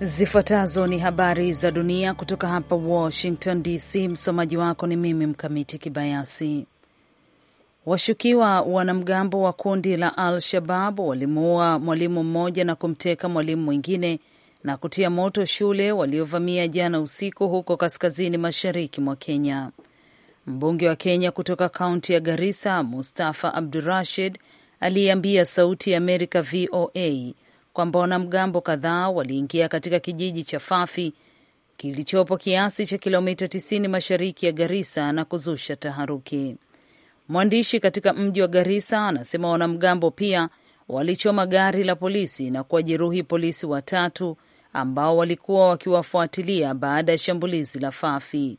Zifuatazo ni habari za dunia kutoka hapa Washington DC. Msomaji wako ni mimi Mkamiti Kibayasi. Washukiwa wanamgambo wa kundi la Al Shabab walimuua mwalimu mmoja na kumteka mwalimu mwingine na kutia moto shule waliovamia jana usiku huko kaskazini mashariki mwa Kenya. Mbunge wa Kenya kutoka kaunti ya Garissa, Mustafa Abdurashid, aliyeambia Sauti ya Amerika VOA kwamba wanamgambo kadhaa waliingia katika kijiji cha Fafi kilichopo kiasi cha kilomita 90 mashariki ya Garisa na kuzusha taharuki. Mwandishi katika mji wa Garisa anasema wanamgambo pia walichoma gari la polisi na kuwajeruhi polisi watatu ambao walikuwa wakiwafuatilia baada ya shambulizi la Fafi.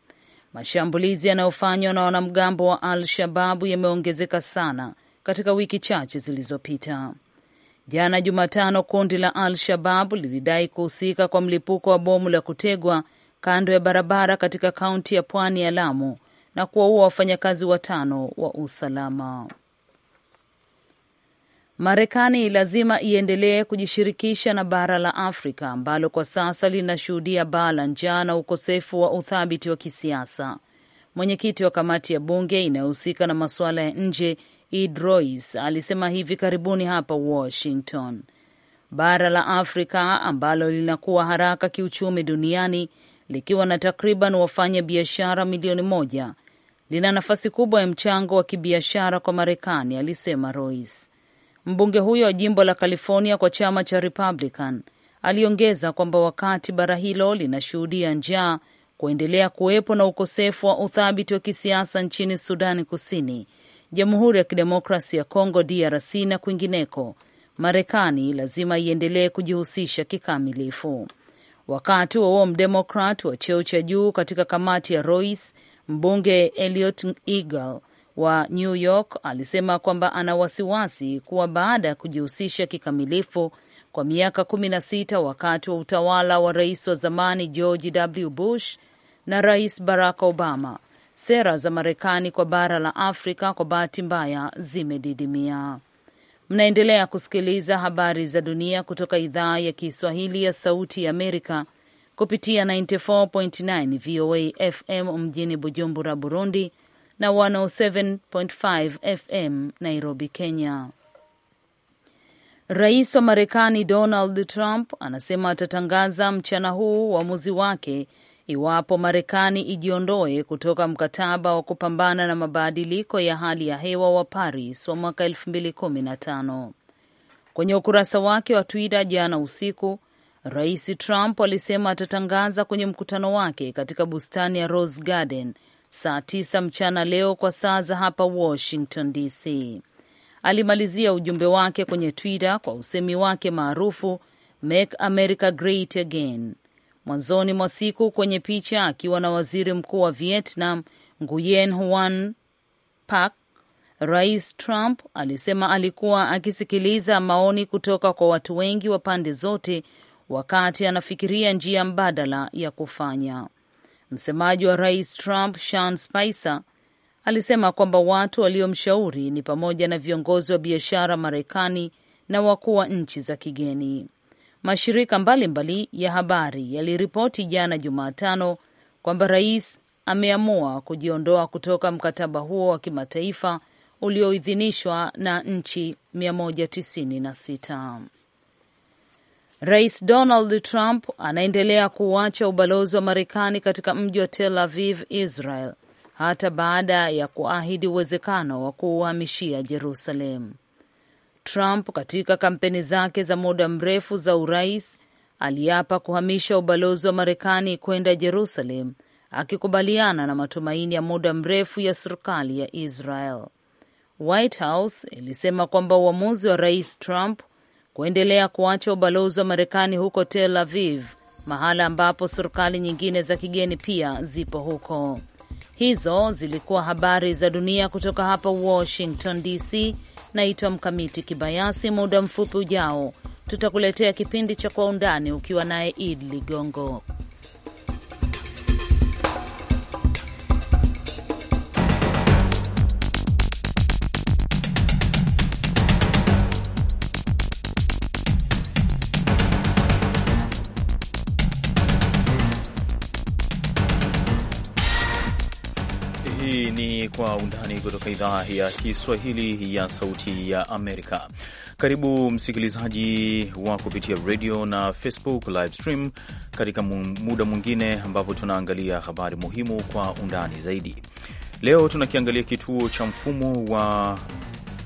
Mashambulizi yanayofanywa na wanamgambo wa Al Shababu yameongezeka sana katika wiki chache zilizopita. Jana Jumatano, kundi la Al Shabab lilidai kuhusika kwa mlipuko wa bomu la kutegwa kando ya barabara katika kaunti ya pwani ya Lamu na kuwaua wafanyakazi watano wa usalama. Marekani lazima iendelee kujishirikisha na bara la Afrika ambalo kwa sasa linashuhudia baa la njaa na ukosefu wa uthabiti wa kisiasa. Mwenyekiti wa kamati ya bunge inayohusika na masuala ya nje Idrois alisema hivi karibuni hapa Washington. Bara la Afrika ambalo linakuwa haraka kiuchumi duniani likiwa na takriban wafanya biashara milioni moja lina nafasi kubwa ya mchango wa kibiashara kwa Marekani, alisema Rois. Mbunge huyo wa jimbo la California kwa chama cha Republican aliongeza kwamba wakati bara hilo linashuhudia njaa, kuendelea kuwepo na ukosefu wa uthabiti wa kisiasa nchini Sudani Kusini Jamhuri ya Kidemokrasi ya Kongo DRC na kwingineko, Marekani lazima iendelee kujihusisha kikamilifu. Wakati wa huo mdemokrat wa cheo cha juu katika kamati ya rois mbunge Eliot Eagle wa New York alisema kwamba ana wasiwasi kuwa baada ya kujihusisha kikamilifu kwa miaka 16 wakati wa utawala wa rais wa zamani George W. Bush na rais Barack Obama sera za Marekani kwa bara la Afrika kwa bahati mbaya zimedidimia. Mnaendelea kusikiliza habari za dunia kutoka idhaa ya Kiswahili ya Sauti ya Amerika kupitia 94.9 VOA FM mjini Bujumbura, Burundi na 107.5 FM Nairobi, Kenya. Rais wa Marekani Donald Trump anasema atatangaza mchana huu uamuzi wake iwapo Marekani ijiondoe kutoka mkataba wa kupambana na mabadiliko ya hali ya hewa wa Paris wa mwaka 2015. Kwenye ukurasa wake wa Twitter jana usiku, Rais Trump alisema atatangaza kwenye mkutano wake katika bustani ya Rose Garden saa 9 mchana leo kwa saa za hapa Washington DC. Alimalizia ujumbe wake kwenye Twitter kwa usemi wake maarufu Make America Great Again mwanzoni mwa siku kwenye picha akiwa na waziri mkuu wa Vietnam Nguyen Huan Pak. Rais Trump alisema alikuwa akisikiliza maoni kutoka kwa watu wengi wa pande zote wakati anafikiria njia mbadala ya kufanya. Msemaji wa rais Trump Sean Spicer alisema kwamba watu waliomshauri ni pamoja na viongozi wa biashara Marekani na wakuu wa nchi za kigeni. Mashirika mbalimbali mbali ya habari yaliripoti jana Jumatano kwamba rais ameamua kujiondoa kutoka mkataba huo wa kimataifa ulioidhinishwa na nchi 196. Rais Donald Trump anaendelea kuuacha ubalozi wa Marekani katika mji wa Tel Aviv, Israel, hata baada ya kuahidi uwezekano wa kuuhamishia jerusalemu Trump katika kampeni zake za muda mrefu za urais aliapa kuhamisha ubalozi wa Marekani kwenda Jerusalem, akikubaliana na matumaini ya muda mrefu ya serikali ya Israel. White House ilisema kwamba uamuzi wa rais Trump kuendelea kuacha ubalozi wa Marekani huko Tel Aviv, mahala ambapo serikali nyingine za kigeni pia zipo huko. Hizo zilikuwa habari za dunia kutoka hapa Washington DC. Naitwa Mkamiti Kibayasi. Muda mfupi ujao tutakuletea kipindi cha Kwa Undani ukiwa naye Id Ligongo. Kwa Undani kutoka idhaa ya Kiswahili ya Sauti ya Amerika. Karibu msikilizaji wa kupitia radio na Facebook live stream katika muda mwingine ambapo tunaangalia habari muhimu kwa undani zaidi. Leo tunakiangalia kituo cha mfumo wa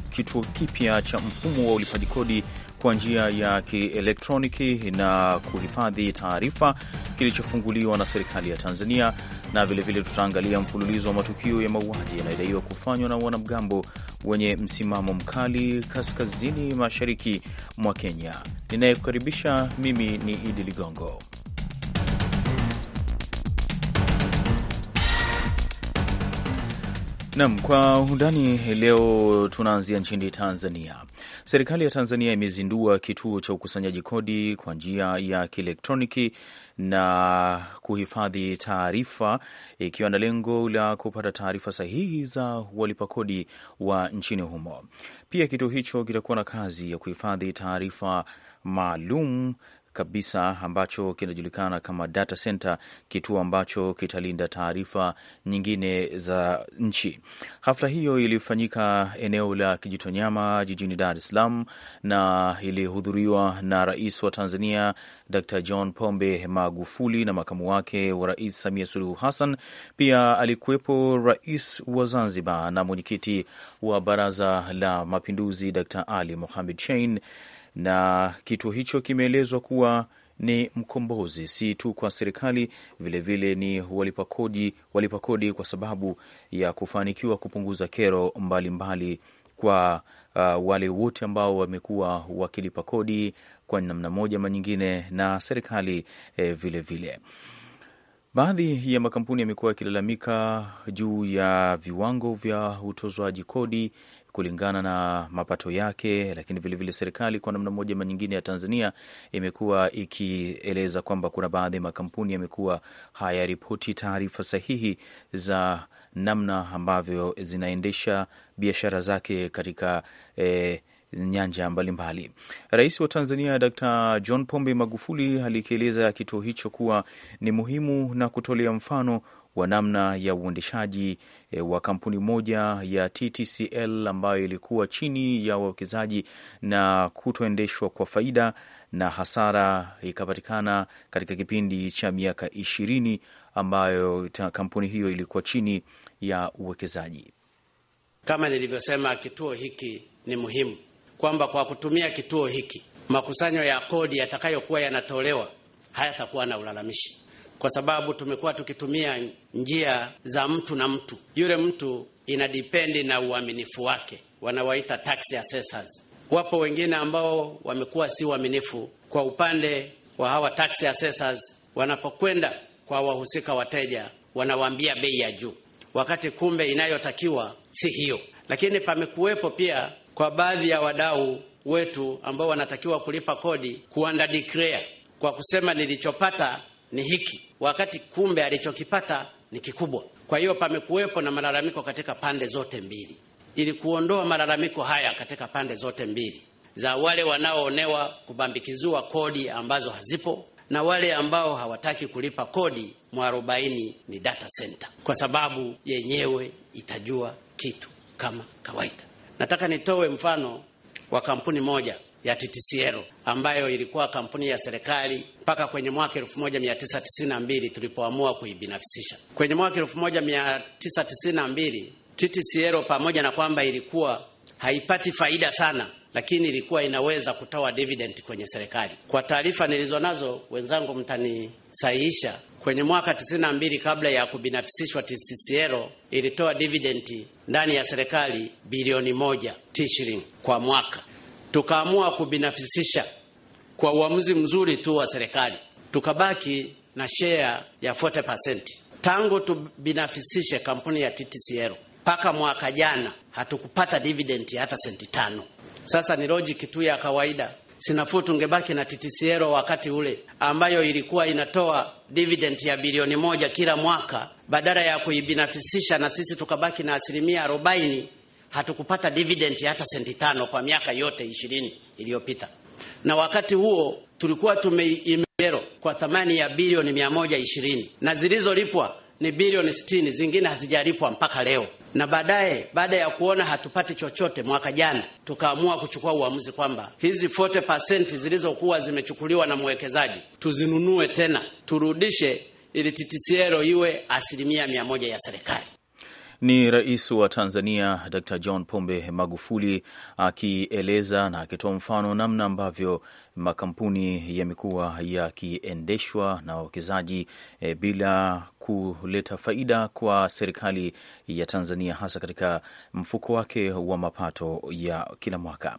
kituo kipya cha mfumo wa ulipaji kodi kwa njia ya kielektroniki na kuhifadhi taarifa kilichofunguliwa na serikali ya Tanzania, na vilevile tutaangalia mfululizo wa matukio ya mauaji yanayodaiwa kufanywa na wanamgambo wenye msimamo mkali kaskazini mashariki mwa Kenya. Ninayekukaribisha mimi ni Idi Ligongo. Nam kwa undani leo, tunaanzia nchini Tanzania. Serikali ya Tanzania imezindua kituo cha ukusanyaji kodi kwa njia ya kielektroniki na kuhifadhi taarifa, ikiwa na lengo la kupata taarifa sahihi za walipa kodi wa nchini humo. Pia kituo hicho kitakuwa na kazi ya kuhifadhi taarifa maalum kabisa ambacho kinajulikana kama data center, kituo ambacho kitalinda taarifa nyingine za nchi. Hafla hiyo ilifanyika eneo la Kijitonyama jijini Dar es Salaam na ilihudhuriwa na Rais wa Tanzania Dr. John Pombe Magufuli na makamu wake wa rais Samia Suluhu Hassan. Pia alikuwepo rais wa Zanzibar na mwenyekiti wa Baraza la Mapinduzi Dr. Ali Mohamed Shein na kituo hicho kimeelezwa kuwa ni mkombozi si tu kwa serikali, vilevile ni walipa kodi, walipa kodi kwa sababu ya kufanikiwa kupunguza kero mbalimbali mbali kwa uh, wale wote ambao wamekuwa wakilipa kodi kwa namna moja ama nyingine na serikali vilevile eh, vile. Baadhi ya makampuni yamekuwa yakilalamika juu ya viwango vya utozwaji kodi kulingana na mapato yake, lakini vilevile serikali kwa namna moja ama nyingine ya Tanzania imekuwa ikieleza kwamba kuna baadhi ya makampuni yamekuwa hayaripoti taarifa sahihi za namna ambavyo zinaendesha biashara zake katika eh, nyanja mbalimbali. Rais wa Tanzania Dr. John Pombe Magufuli alikieleza kituo hicho kuwa ni muhimu na kutolea mfano wa namna ya uendeshaji e, wa kampuni moja ya TTCL ambayo ilikuwa chini ya wawekezaji na kutoendeshwa kwa faida na hasara ikapatikana katika kipindi cha miaka ishirini ambayo kampuni hiyo ilikuwa chini ya uwekezaji. Kama nilivyosema, kituo hiki ni muhimu, kwamba kwa kutumia kituo hiki makusanyo ya kodi yatakayokuwa yanatolewa hayatakuwa na ulalamishi kwa sababu tumekuwa tukitumia njia za mtu na mtu. Yule mtu ina dipendi na uaminifu wake, wanawaita tax assessors. Wapo wengine ambao wamekuwa si uaminifu kwa upande wa hawa tax assessors, wanapokwenda kwa wahusika wateja wanawaambia bei ya juu, wakati kumbe inayotakiwa si hiyo. Lakini pamekuwepo pia kwa baadhi ya wadau wetu ambao wanatakiwa kulipa kodi kuanda declare kwa kusema nilichopata ni hiki, wakati kumbe alichokipata ni kikubwa. Kwa hiyo pamekuwepo na malalamiko katika pande zote mbili. Ili kuondoa malalamiko haya katika pande zote mbili za wale wanaoonewa kubambikiziwa kodi ambazo hazipo na wale ambao hawataki kulipa kodi, mwarobaini ni data center, kwa sababu yenyewe itajua kitu kama kawaida. Nataka nitoe mfano wa kampuni moja ya TTCL ambayo ilikuwa kampuni ya serikali mpaka kwenye mwaka 1992 tulipoamua kuibinafisisha Kwenye mwaka mbili TTCL pamoja na kwamba ilikuwa haipati faida sana lakini ilikuwa inaweza kutoa dividend kwenye serikali. Kwa taarifa nilizo nazo, wenzangu mtanisahihisha, kwenye mwaka 92 kabla ya kubinafisishwa TCCL ilitoa dividend ndani ya serikali bilioni moja tishirini kwa mwaka tukaamua kubinafisisha kwa uamuzi mzuri tu wa serikali, tukabaki na share ya 40%. Tangu tubinafisishe kampuni ya TTCL mpaka mwaka jana hatukupata dividend hata senti tano. Sasa ni logic tu ya kawaida, sinafuu tungebaki na TTCL wakati ule ambayo ilikuwa inatoa dividend ya bilioni moja kila mwaka badala ya kuibinafisisha na sisi tukabaki na asilimia arobaini hatukupata dividend hata senti tano kwa miaka yote ishirini iliyopita, na wakati huo tulikuwa tumeimero kwa thamani ya bilioni mia moja ishirini na zilizolipwa ni bilioni sitini, zingine hazijalipwa mpaka leo. Na baadaye baada ya kuona hatupati chochote, mwaka jana tukaamua kuchukua uamuzi kwamba hizi 40% zilizokuwa zimechukuliwa na mwekezaji tuzinunue tena, turudishe ili TTCL iwe asilimia mia moja ya serikali. Ni rais wa Tanzania Dr John Pombe Magufuli akieleza na akitoa mfano namna ambavyo makampuni yamekuwa yakiendeshwa na wawekezaji e, bila kuleta faida kwa serikali ya Tanzania hasa katika mfuko wake wa mapato ya kila mwaka.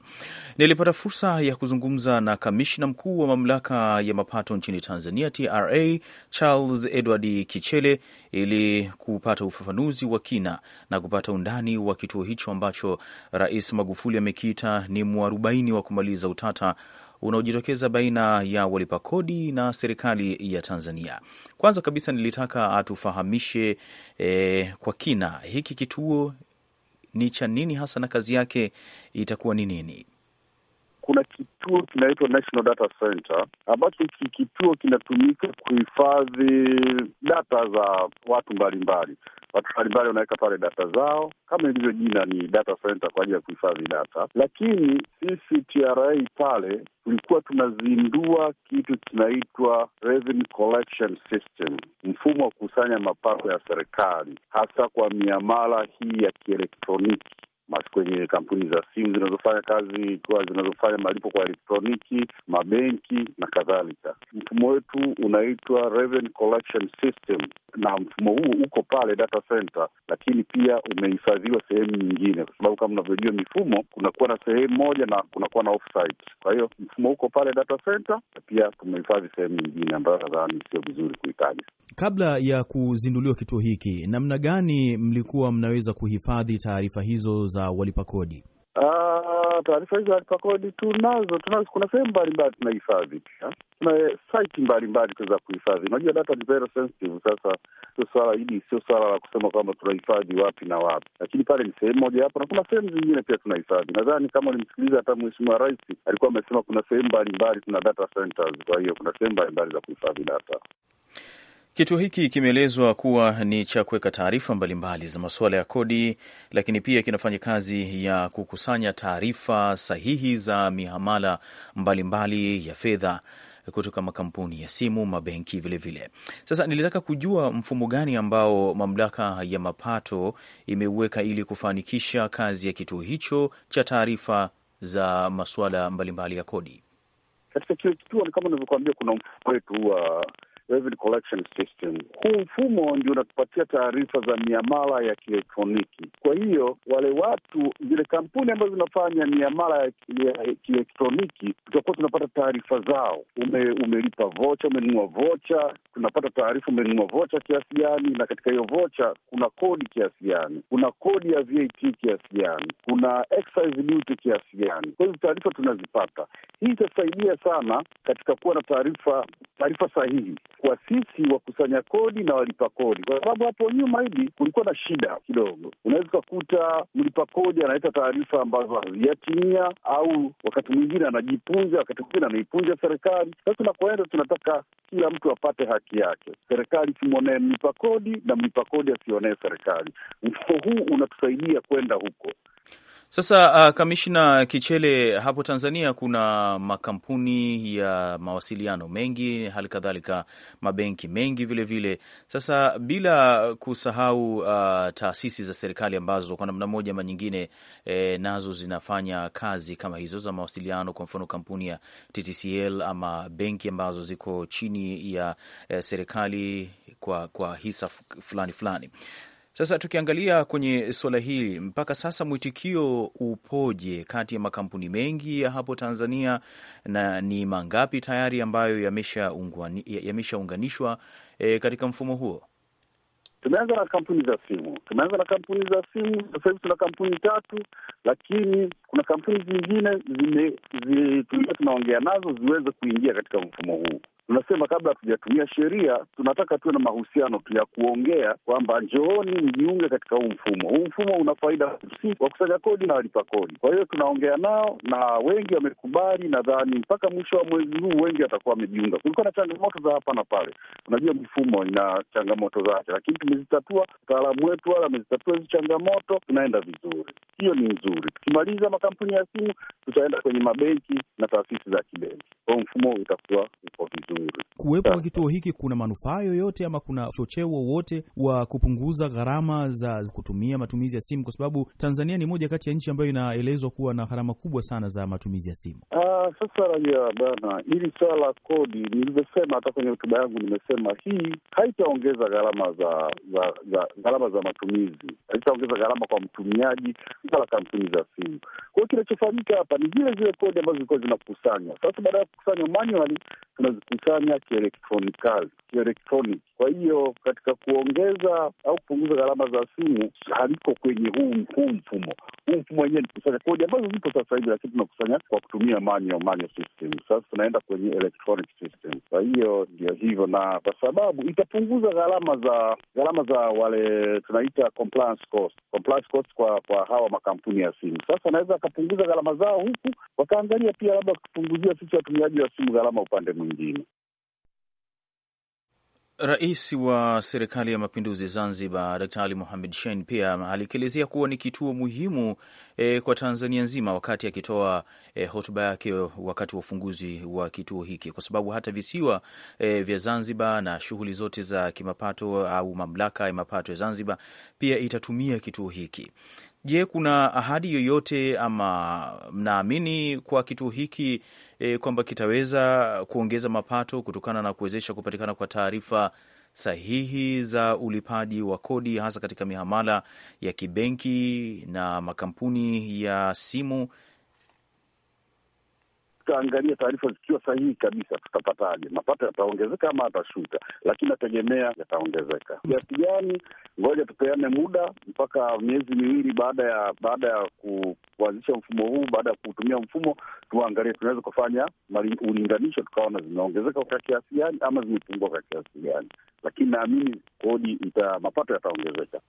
Nilipata fursa ya kuzungumza na kamishna mkuu wa mamlaka ya mapato nchini Tanzania TRA, Charles Edward Kichele ili kupata ufafanuzi wa kina na kupata undani wa kituo hicho ambacho Rais Magufuli amekiita ni mwarubaini wa kumaliza utata unaojitokeza baina ya walipa kodi na serikali ya Tanzania. Kwanza kabisa nilitaka atufahamishe eh, kwa kina hiki kituo ni cha nini hasa na kazi yake itakuwa ni nini? Kuna kituo kinaitwa National Data Center ambacho hiki kituo kinatumika kuhifadhi data za watu mbalimbali watu mbalimbali wanaweka pale data zao, kama ilivyo jina ni data center kwa ajili ya kuhifadhi data. Lakini sisi TRA pale tulikuwa tunazindua kitu kinaitwa Revenue Collection System, mfumo wa kukusanya mapato ya serikali hasa kwa miamala hii ya kielektroniki kwenye kampuni za simu zinazofanya kazi kwa zinazofanya malipo kwa elektroniki, mabenki na kadhalika. Mfumo wetu unaitwa Collection System, na mfumo huu uko pale data center, lakini pia umehifadhiwa sehemu nyingine, kwa sababu kama unavyojua mifumo kunakuwa na sehemu moja na kunakuwa na offsite. Kwa hiyo mfumo uko pale data center, pia tumehifadhi sehemu nyingine ambayo nadhani sio vizuri kuitaja. Kabla ya kuzinduliwa kituo hiki, namna gani mlikuwa mnaweza kuhifadhi taarifa hizo za walipakodi? Uh, ah, taarifa hizo walipakodi tunazo, tunazo. Kuna sehemu mbalimbali tunahifadhi pia, tuna site mbalimbali tuweza kuhifadhi. Unajua data ni very sensitive. Sasa sio swala hili, sio swala la kusema kwamba tunahifadhi wapi na wapi, lakini pale ni sehemu moja hapo, na kuna sehemu zingine pia tunahifadhi. Nadhani kama ulimsikiliza hata Mheshimiwa Rais alikuwa amesema kuna sehemu mbalimbali tuna data centers, kwa hiyo kuna sehemu mbalimbali za kuhifadhi data. Kituo hiki kimeelezwa kuwa ni cha kuweka taarifa mbalimbali za masuala ya kodi, lakini pia kinafanya kazi ya kukusanya taarifa sahihi za mihamala mbalimbali mbali ya fedha kutoka makampuni ya simu, mabenki vilevile vile. Sasa nilitaka kujua mfumo gani ambao mamlaka ya mapato imeuweka ili kufanikisha kazi ya kituo hicho cha taarifa za masuala mbalimbali ya kodi. Katika kile kituo ni kama unavyokuambia, kuna mfumo wetu wa uh Collection System. Huu mfumo ndio unatupatia taarifa za miamala ya kielektroniki. Kwa hiyo wale watu, zile kampuni ambazo zinafanya miamala ya kielektroniki, tutakuwa tunapata taarifa zao. Ume, umelipa vocha, umenunua vocha, tunapata taarifa umenunua vocha kiasi gani, na katika hiyo vocha kuna kodi kiasi gani, kuna kodi ya VAT kiasi gani, kuna excise duty kiasi gani. Kwa hizo taarifa tunazipata. Hii itasaidia sana katika kuwa na taarifa taarifa sahihi kwa sisi wakusanya kodi na walipa kodi, kwa sababu hapo nyuma hivi kulikuwa na shida kidogo. Unaweza ukakuta mlipa kodi analeta taarifa ambazo hazijatimia, au wakati mwingine anajipunja, wakati mwingine anaipunja serikali. Sasa tunakoenda, tunataka kila mtu apate haki yake, serikali simwonee mlipa kodi na mlipa kodi asionee serikali. Mfumo huu unatusaidia kwenda huko. Sasa uh, Kamishna Kichele, hapo Tanzania kuna makampuni ya mawasiliano mengi, hali kadhalika mabenki mengi vilevile vile. Sasa bila kusahau uh, taasisi za serikali ambazo kwa namna moja ama nyingine eh, nazo zinafanya kazi kama hizo za mawasiliano, kwa mfano kampuni ya TTCL ama benki ambazo ziko chini ya eh, serikali kwa, kwa hisa fulani fulani sasa tukiangalia kwenye suala hili mpaka sasa mwitikio upoje kati ya makampuni mengi ya hapo Tanzania, na ni mangapi tayari ambayo yameshaunganishwa e, katika mfumo huo? Tumeanza na kampuni za simu, tumeanza na kampuni za simu. Sasa hivi tuna kampuni tatu, lakini kuna kampuni zingine tulikuwa tunaongea nazo ziweze kuingia katika mfumo huu tunasema kabla hatujatumia sheria, tunataka tuwe na mahusiano tu ya kuongea kwamba njooni mjiunge katika huu mfumo. Huu mfumo una faida si wakusanya kodi na walipa kodi. Kwa hiyo tunaongea nao na wengi wamekubali. Nadhani mpaka mwisho wa mwezi huu wengi watakuwa wamejiunga. Kulikuwa na changamoto za hapa na pale, unajua mifumo ina changamoto zake, lakini tumezitatua. Wataalamu wetu wala wamezitatua hizi changamoto, tunaenda vizuri. Hiyo ni nzuri. Tukimaliza makampuni ya simu, tutaenda kwenye mabenki na taasisi za kibenki, kwa mfumo utakuwa uko vizuri vizuri. Kuwepo kwa kituo hiki kuna manufaa yoyote ama kuna uchocheo wowote wa kupunguza gharama za kutumia matumizi ya simu, kwa sababu Tanzania ni moja kati ya nchi ambayo inaelezwa kuwa na gharama kubwa sana za matumizi ya simu? Aa, ah, sasa raia bana, hili swala la kodi nilivyosema, hata kwenye hotuba yangu nimesema hii haitaongeza gharama za za, za gharama za matumizi, haitaongeza gharama kwa mtumiaji wala kampuni za simu. Kwa hiyo kinachofanyika hapa ni zile zile kodi ambazo zilikuwa zinakusanywa, sasa baada ya kukusanywa manually tunazikusanya kuchanganya kielektroniki kwa hiyo katika kuongeza au kupunguza gharama za simu haliko kwenye huu mfumo. Huu mfumo wenyewe ni kusanya kodi ambazo zipo sasa hivi, lakini tunakusanya kwa kutumia manual manual system. Sasa tunaenda kwenye electronic system. Kwa hiyo ndio hivyo, na kwa sababu itapunguza gharama za gharama za wale tunaita compliance cost, compliance cost kwa kwa hawa makampuni ya simu. Sasa anaweza akapunguza gharama zao huku, wakaangalia pia labda kupunguzia sisi watumiaji wa simu gharama upande mwingine. Rais wa Serikali ya Mapinduzi Zanzibar, ali Mohamed Shein pia alikielezea kuwa ni kituo muhimu e, kwa Tanzania nzima, wakati akitoa e, hotuba yake wakati wa ufunguzi wa kituo hiki, kwa sababu hata visiwa e, vya Zanzibar na shughuli zote za kimapato au mamlaka ya mapato ya Zanzibar pia itatumia kituo hiki. Je, kuna ahadi yoyote ama mnaamini kwa kituo hiki e, kwamba kitaweza kuongeza mapato kutokana na kuwezesha kupatikana kwa taarifa sahihi za ulipaji wa kodi hasa katika mihamala ya kibenki na makampuni ya simu tukaangalia taarifa zikiwa sahihi kabisa, tutapataje? Mapato yataongezeka ama atashuka Lakini nategemea yataongezeka. Kiasi gani? Ngoja tupeane muda mpaka miezi miwili baada ya baada ya kuanzisha mfumo huu, baada ya kuutumia mfumo, tuangalie, tunaweza kufanya ulinganisho, tukaona zimeongezeka kwa kiasi gani ama zimepungua kwa kiasi gani, lakini naamini kodi ita mapato yataongezeka.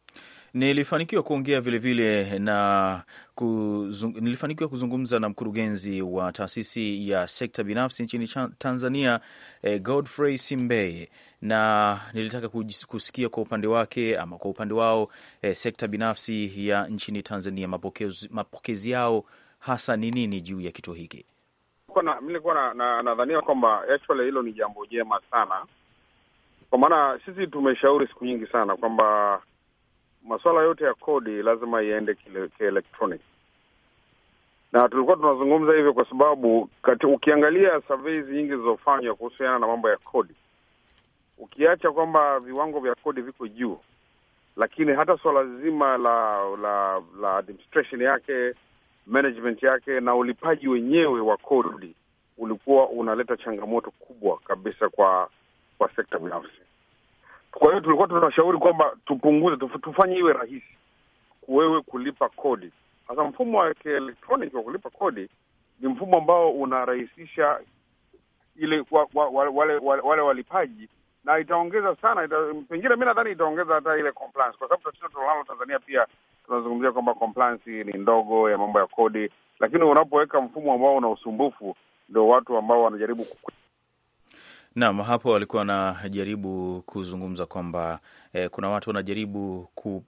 Nilifanikiwa kuongea vilevile vile na kuzung, nilifanikiwa kuzungumza na mkurugenzi wa taasisi ya sekta binafsi nchini Tanzania eh, Godfrey Simbeye, na nilitaka kusikia kwa upande wake ama kwa upande wao eh, sekta binafsi ya nchini Tanzania mapokezi, mapokezi yao hasa ni nini juu ya kituo hiki. Nilikuwa nadhania na, kwamba actually hilo ni jambo jema sana, kwa maana sisi tumeshauri siku nyingi sana kwamba masuala yote ya kodi lazima iende kielektronic na tulikuwa tunazungumza hivyo kwa sababu kati, ukiangalia surveys nyingi zilizofanywa kuhusiana na mambo ya kodi, ukiacha kwamba viwango vya kodi viko juu, lakini hata suala zima la la la administration yake, management yake na ulipaji wenyewe wa kodi ulikuwa unaleta changamoto kubwa kabisa kwa kwa sekta binafsi. Kwa hiyo tulikuwa tunashauri kwamba tupunguze, tufanye iwe rahisi kuwewe kulipa kodi sasa mfumo wa kielektroniki wa kulipa kodi ni mfumo ambao unarahisisha ile wa, wa, wa, wale, wale, wale walipaji na itaongeza sana ita, pengine mi nadhani itaongeza hata ile compliance, kwa sababu tatizo tunalo Tanzania pia tunazungumzia kwamba compliance ni ndogo ya mambo ya kodi, lakini unapoweka mfumo ambao una usumbufu, ndio watu ambao wanajaribu Naam, hapo walikuwa wanajaribu kuzungumza kwamba eh, kuna watu wanajaribu ku,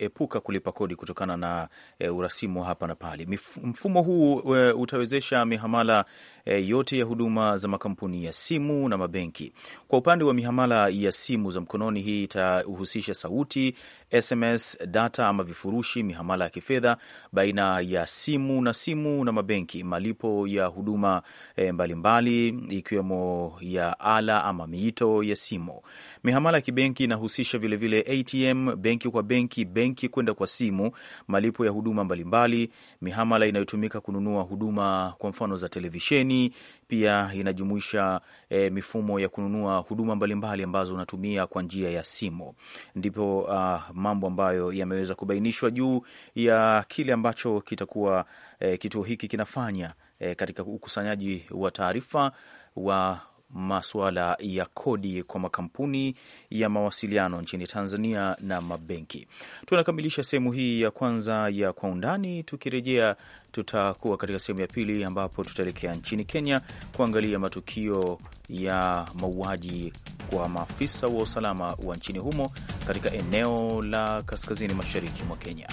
kuepuka kulipa kodi kutokana na e, urasimu hapa na pale. Mfumo huu e, utawezesha mihamala e, yote ya huduma za makampuni ya simu na mabenki. Kwa upande wa mihamala ya simu za mkononi, hii itahusisha sauti, SMS, data ama vifurushi, mihamala ya kifedha baina ya simu na simu na mabenki, malipo ya huduma e, mbalimbali ikiwemo ya ala ama miito ya simu. Mihamala ya kibenki inahusisha vilevile ATM, benki kwa benki, benki benki kwenda kwa simu, malipo ya huduma mbalimbali, mihamala inayotumika kununua huduma kwa mfano za televisheni. Pia inajumuisha e, mifumo ya kununua huduma mbalimbali ambazo unatumia kwa njia ya simu. Ndipo uh, mambo ambayo yameweza kubainishwa juu ya kile ambacho kitakuwa e, kituo hiki kinafanya e, katika ukusanyaji wa taarifa wa masuala ya kodi kwa makampuni ya mawasiliano nchini Tanzania na mabenki. Tunakamilisha sehemu hii ya kwanza ya Kwa Undani. Tukirejea tutakuwa katika sehemu ya pili ambapo tutaelekea nchini Kenya kuangalia matukio ya mauaji kwa maafisa wa usalama wa nchini humo katika eneo la kaskazini mashariki mwa Kenya.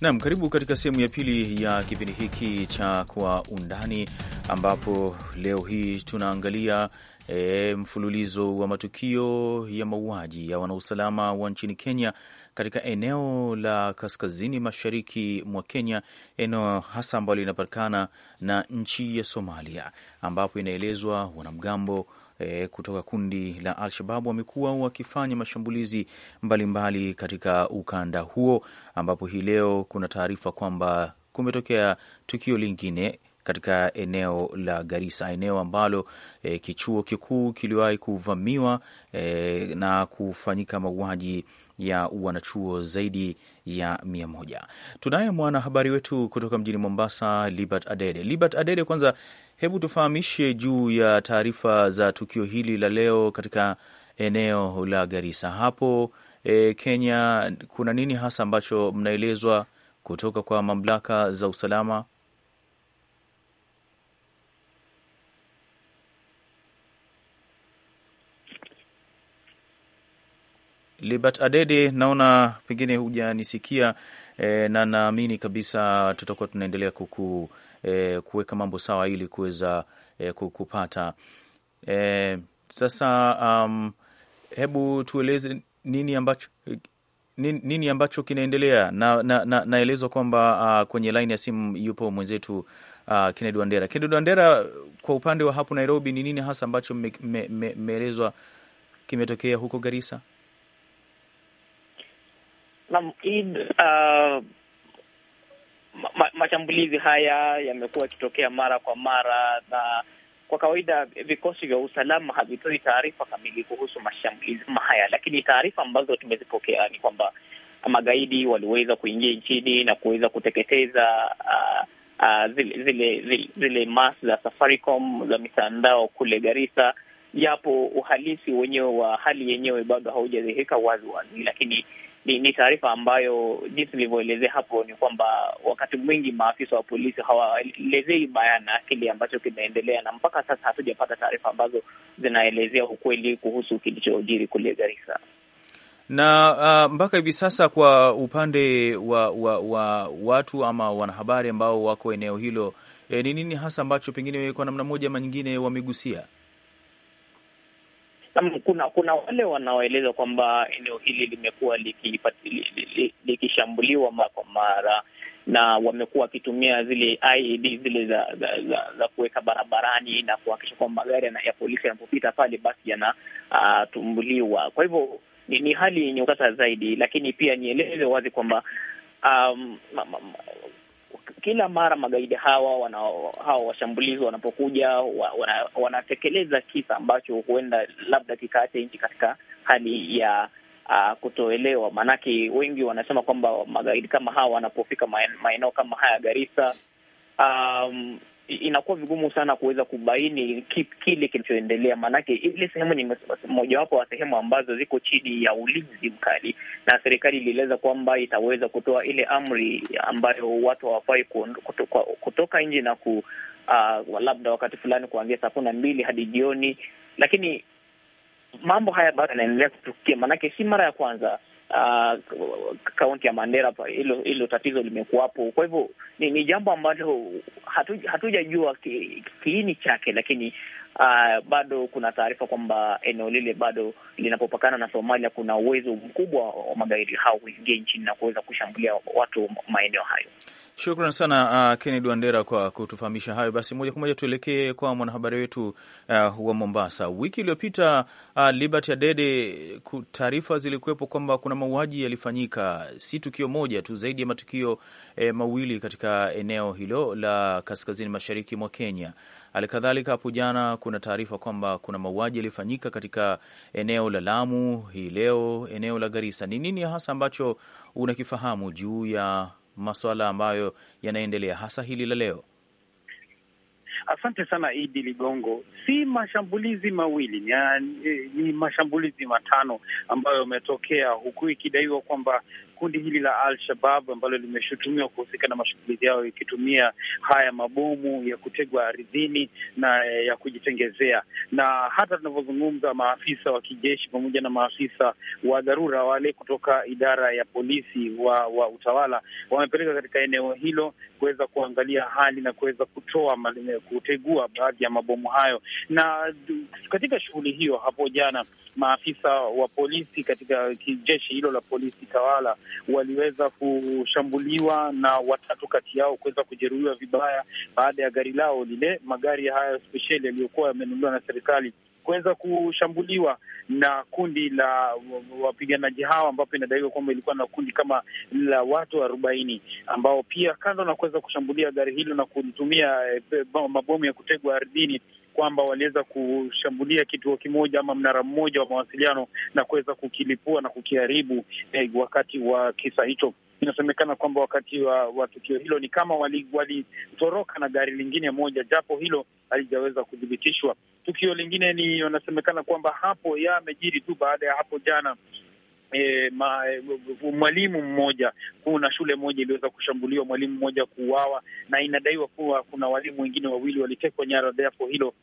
Naam, karibu katika sehemu ya pili ya kipindi hiki cha Kwa Undani, ambapo leo hii tunaangalia e, mfululizo wa matukio ya mauaji ya wanausalama wa nchini Kenya katika eneo la kaskazini mashariki mwa Kenya, eneo hasa ambalo linapatikana na nchi ya Somalia, ambapo inaelezwa wanamgambo e, kutoka kundi la Al-Shabab wamekuwa wakifanya mashambulizi mbalimbali mbali katika ukanda huo, ambapo hii leo kuna taarifa kwamba kumetokea tukio lingine katika eneo la Garissa, eneo ambalo e, kichuo kikuu kiliwahi kuvamiwa e, na kufanyika mauaji ya wanachuo zaidi ya mia moja. Tunaye mwanahabari wetu kutoka mjini Mombasa, Libert Adede. Libert Adede, kwanza hebu tufahamishe juu ya taarifa za tukio hili la leo katika eneo la Garissa hapo e, Kenya. Kuna nini hasa ambacho mnaelezwa kutoka kwa mamlaka za usalama? Libert Adede, naona pengine hujanisikia e, na naamini kabisa tutakuwa tunaendelea kuku e, kuweka mambo sawa ili kuweza e, eh, kukupata e, sasa um, hebu tueleze nini ambacho nini, ambacho kinaendelea na, na, na, naelezwa kwamba uh, kwenye laini ya simu yupo mwenzetu uh, Kennedy Wandera. Kennedy Wandera, kwa upande wa hapo Nairobi, ni nini hasa ambacho mmeelezwa me, me, kimetokea huko Garissa? na id, uh, ma mashambulizi haya yamekuwa yakitokea mara kwa mara na kwa kawaida vikosi vya usalama havitoi taarifa kamili kuhusu mashambulizi haya, lakini taarifa ambazo tumezipokea ni kwamba magaidi waliweza kuingia nchini na kuweza kuteketeza uh, uh, zile, zile, zile, zile mas za Safaricom za mitandao kule Garissa, japo uhalisi wenyewe wa hali yenyewe bado haujadhihirika wazi wazi, lakini ni, ni taarifa ambayo jinsi nilivyoelezea hapo ni kwamba wakati mwingi maafisa wa polisi hawaelezei bayana kile ambacho kinaendelea, na mpaka sasa hatujapata taarifa ambazo zinaelezea ukweli kuhusu kilichojiri kule Garissa na uh, mpaka hivi sasa kwa upande wa, wa, wa watu ama wanahabari ambao wako eneo hilo, eh, ni e, nini hasa ambacho pengine kwa namna moja ama nyingine wamegusia? kuna kuna wale wanaoeleza kwamba eneo hili limekuwa likishambuliwa mara kwa mara na wamekuwa wakitumia zile IED zile za za, za, za kuweka barabarani na kuhakikisha kwamba magari ya polisi yanapopita pale basi yanatumbuliwa. Uh, kwa hivyo ni, ni hali yenye ukata zaidi, lakini pia nieleze wazi kwamba um, kila mara magaidi hawa wana, hawa washambulizi wanapokuja wana, wanatekeleza kisa ambacho huenda labda kikaacha nchi katika hali ya uh, kutoelewa. Maanake wengi wanasema kwamba magaidi kama hawa wanapofika maeneo kama haya Garissa, um, inakuwa vigumu sana kuweza kubaini kile kilichoendelea, maanake ile sehemu ni mojawapo wa sehemu ambazo ziko chini ya ulinzi mkali, na serikali ilieleza kwamba itaweza kutoa ile amri ambayo watu hawafai kutoka, kutoka nje na ku uh, labda wakati fulani kuanzia saa kumi na mbili hadi jioni, lakini mambo haya bado yanaendelea kutukia, maanake si mara ya kwanza Uh, kaunti uh, ya Mandera, hilo hilo tatizo limekuwapo. Kwa hivyo ni, ni jambo ambalo hatujajua hatu kiini chake, lakini uh, bado kuna taarifa kwamba eneo lile bado linapopakana na Somalia, kuna uwezo mkubwa wa magaidi hao kuingia nchini na kuweza kushambulia watu maeneo hayo. Shukran sana uh, Kennedy Wandera kwa kutufahamisha hayo. Basi moja kwa moja tuelekee kwa mwanahabari wetu uh, wa Mombasa. Wiki iliyopita uh, Liberty Adede, taarifa zilikuwepo kwamba kuna mauaji yalifanyika, si tukio moja tu, zaidi ya matukio eh, mawili katika eneo hilo la kaskazini mashariki mwa Kenya. Halikadhalika hapo jana kuna taarifa kwamba kuna mauaji yaliyofanyika katika eneo la Lamu hii leo, eneo la Garissa. Ni nini hasa ambacho unakifahamu juu ya masuala ambayo yanaendelea hasa hili la leo? Asante sana Idi Ligongo. Si mashambulizi mawili ni, ni mashambulizi matano ambayo yametokea, huku ikidaiwa kwamba kundi hili la Al-Shabab ambalo limeshutumiwa kuhusika na mashambulizi yao ikitumia haya mabomu ya kutegwa ardhini na eh, ya kujitengezea. Na hata tunavyozungumza, maafisa wa kijeshi pamoja na maafisa wa dharura wale kutoka idara ya polisi wa, wa utawala wamepeleka katika eneo hilo kuweza kuangalia hali na kuweza kutoa eh, kutegua baadhi ya mabomu hayo. Na katika shughuli hiyo hapo jana, maafisa wa polisi katika jeshi hilo la polisi tawala waliweza kushambuliwa na watatu kati yao kuweza kujeruhiwa vibaya, baada ya gari lao lile, magari haya spesheli yaliyokuwa yamenunuliwa na serikali kuweza kushambuliwa na kundi la wapiganaji hawa, ambapo inadaiwa kwamba ilikuwa na kundi kama la watu arobaini ambao pia kando na kuweza kushambulia gari hilo na kulitumia eh, mabomu ya kutegwa ardhini kwamba waliweza kushambulia kituo kimoja ama mnara mmoja wa mawasiliano na kuweza kukilipua na kukiharibu eh, wakati wa kisa hicho. Inasemekana kwamba wakati wa, wa tukio hilo ni kama walitoroka wali na gari lingine moja, japo hilo halijaweza kuthibitishwa. Tukio lingine ni wanasemekana kwamba hapo yamejiri tu baada ya hapo jana E, ma, e, mwalimu mmoja, kuna shule moja iliweza kushambuliwa, mwalimu mmoja kuuawa, na inadaiwa kuwa kuna walimu wengine wawili walitekwa nyara. Japo hilo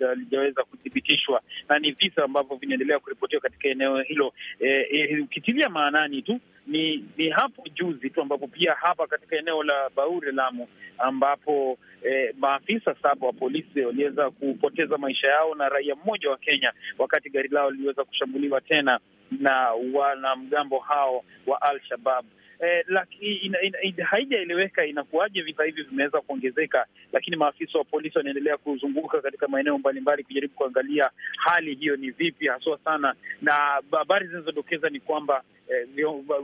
halijaweza kuthibitishwa na ni visa ambavyo vinaendelea kuripotiwa katika eneo hilo. E, e, ukitilia maanani tu ni, ni hapo juzi tu ambapo pia hapa katika eneo la Baure Lamu ambapo eh, maafisa saba wa polisi waliweza kupoteza maisha yao na raia mmoja wa Kenya wakati gari lao liliweza kushambuliwa tena na wanamgambo hao wa Al-Shabab eh, haijaeleweka inakuwaje visa hivi vimeweza kuongezeka, lakini maafisa wa polisi wanaendelea kuzunguka katika maeneo mbalimbali kujaribu kuangalia hali hiyo ni vipi haswa sana, na habari zinazodokeza ni kwamba eh,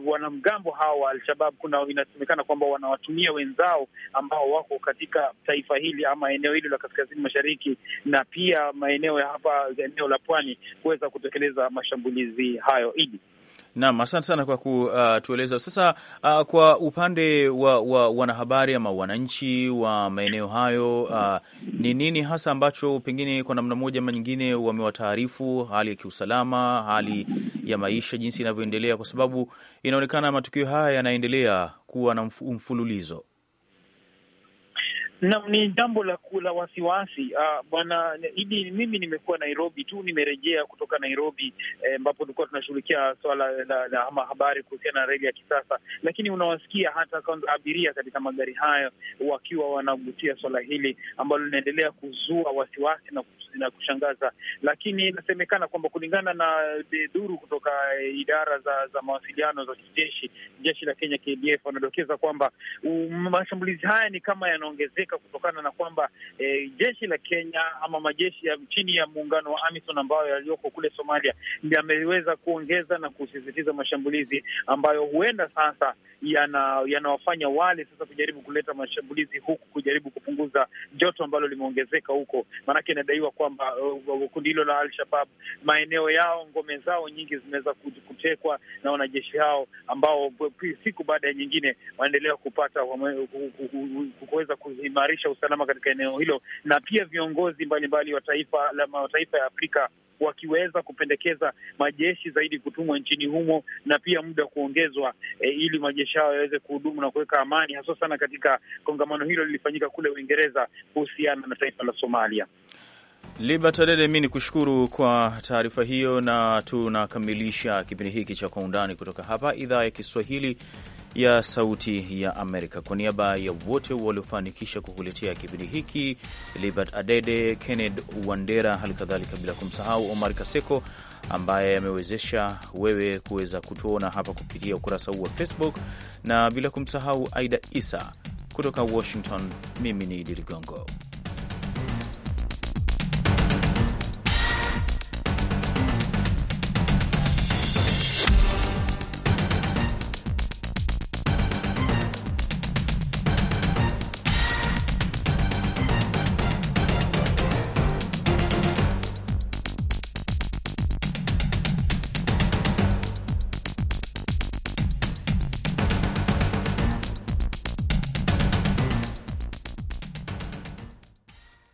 wanamgambo hawa wa Alshabab kuna inasemekana kwamba wanawatumia wenzao ambao wako katika taifa hili ama eneo hili la kaskazini mashariki na pia maeneo ya hapa eneo la pwani kuweza kutekeleza mashambulizi hayo. Idi Naam, asante sana kwa kutueleza. Sasa uh, kwa upande wa, wa wanahabari ama wananchi wa maeneo hayo ah, ni uh, nini hasa ambacho pengine kwa namna moja ama nyingine wamewataarifu hali ya kiusalama, hali ya maisha jinsi inavyoendelea, kwa sababu inaonekana matukio haya yanaendelea kuwa na mfululizo. Naam, ni jambo la kula wasiwasi ah, bwana Idi. Mimi nimekuwa Nairobi tu, nimerejea kutoka Nairobi eh, ambapo eh, tulikuwa tunashughulikia swala la, la habari kuhusiana na reli ya kisasa, lakini unawasikia hata abiria katika magari hayo wakiwa wanagusia swala hili ambalo linaendelea kuzua wasiwasi na, na kushangaza. Lakini inasemekana kwamba kulingana na eh, duru kutoka eh, idara za, za mawasiliano za kijeshi, jeshi la Kenya KDF, wanadokeza kwamba um, mashambulizi haya ni kama yanaongezeka kuongezeka kutokana na kwamba e, jeshi la Kenya ama majeshi ya chini ya muungano wa AMISON ambayo yaliyoko kule Somalia yameweza kuongeza na kusisitiza mashambulizi ambayo huenda sasa yanawafanya yana wale sasa kujaribu kuleta mashambulizi huku kujaribu kupunguza joto ambalo limeongezeka huko, maanake inadaiwa kwamba uh, kundi hilo la Al-Shabab maeneo yao, ngome zao nyingi zimeweza kutekwa na wanajeshi hao ambao siku baada ya nyingine wanaendelea kupata kuweza kuimarisha usalama katika eneo hilo, na pia viongozi mbalimbali wa taifa la mataifa ya Afrika wakiweza kupendekeza majeshi zaidi kutumwa nchini humo na pia muda wa kuongezwa, e, ili majeshi hayo yaweze kuhudumu na kuweka amani, haswa sana katika kongamano hilo lilifanyika kule Uingereza kuhusiana na taifa la Somalia. Libertadede, mi ni kushukuru kwa taarifa hiyo, na tunakamilisha kipindi hiki cha Kwa Undani kutoka hapa idhaa ya Kiswahili ya Sauti ya Amerika. Kwa niaba ya wote waliofanikisha kukuletea kipindi hiki, Libert Adede, Kenneth Wandera, hali kadhalika, bila kumsahau Omar Kaseko ambaye amewezesha wewe kuweza kutuona hapa kupitia ukurasa huu wa Facebook, na bila kumsahau Aida Isa kutoka Washington. Mimi ni Idi Ligongo.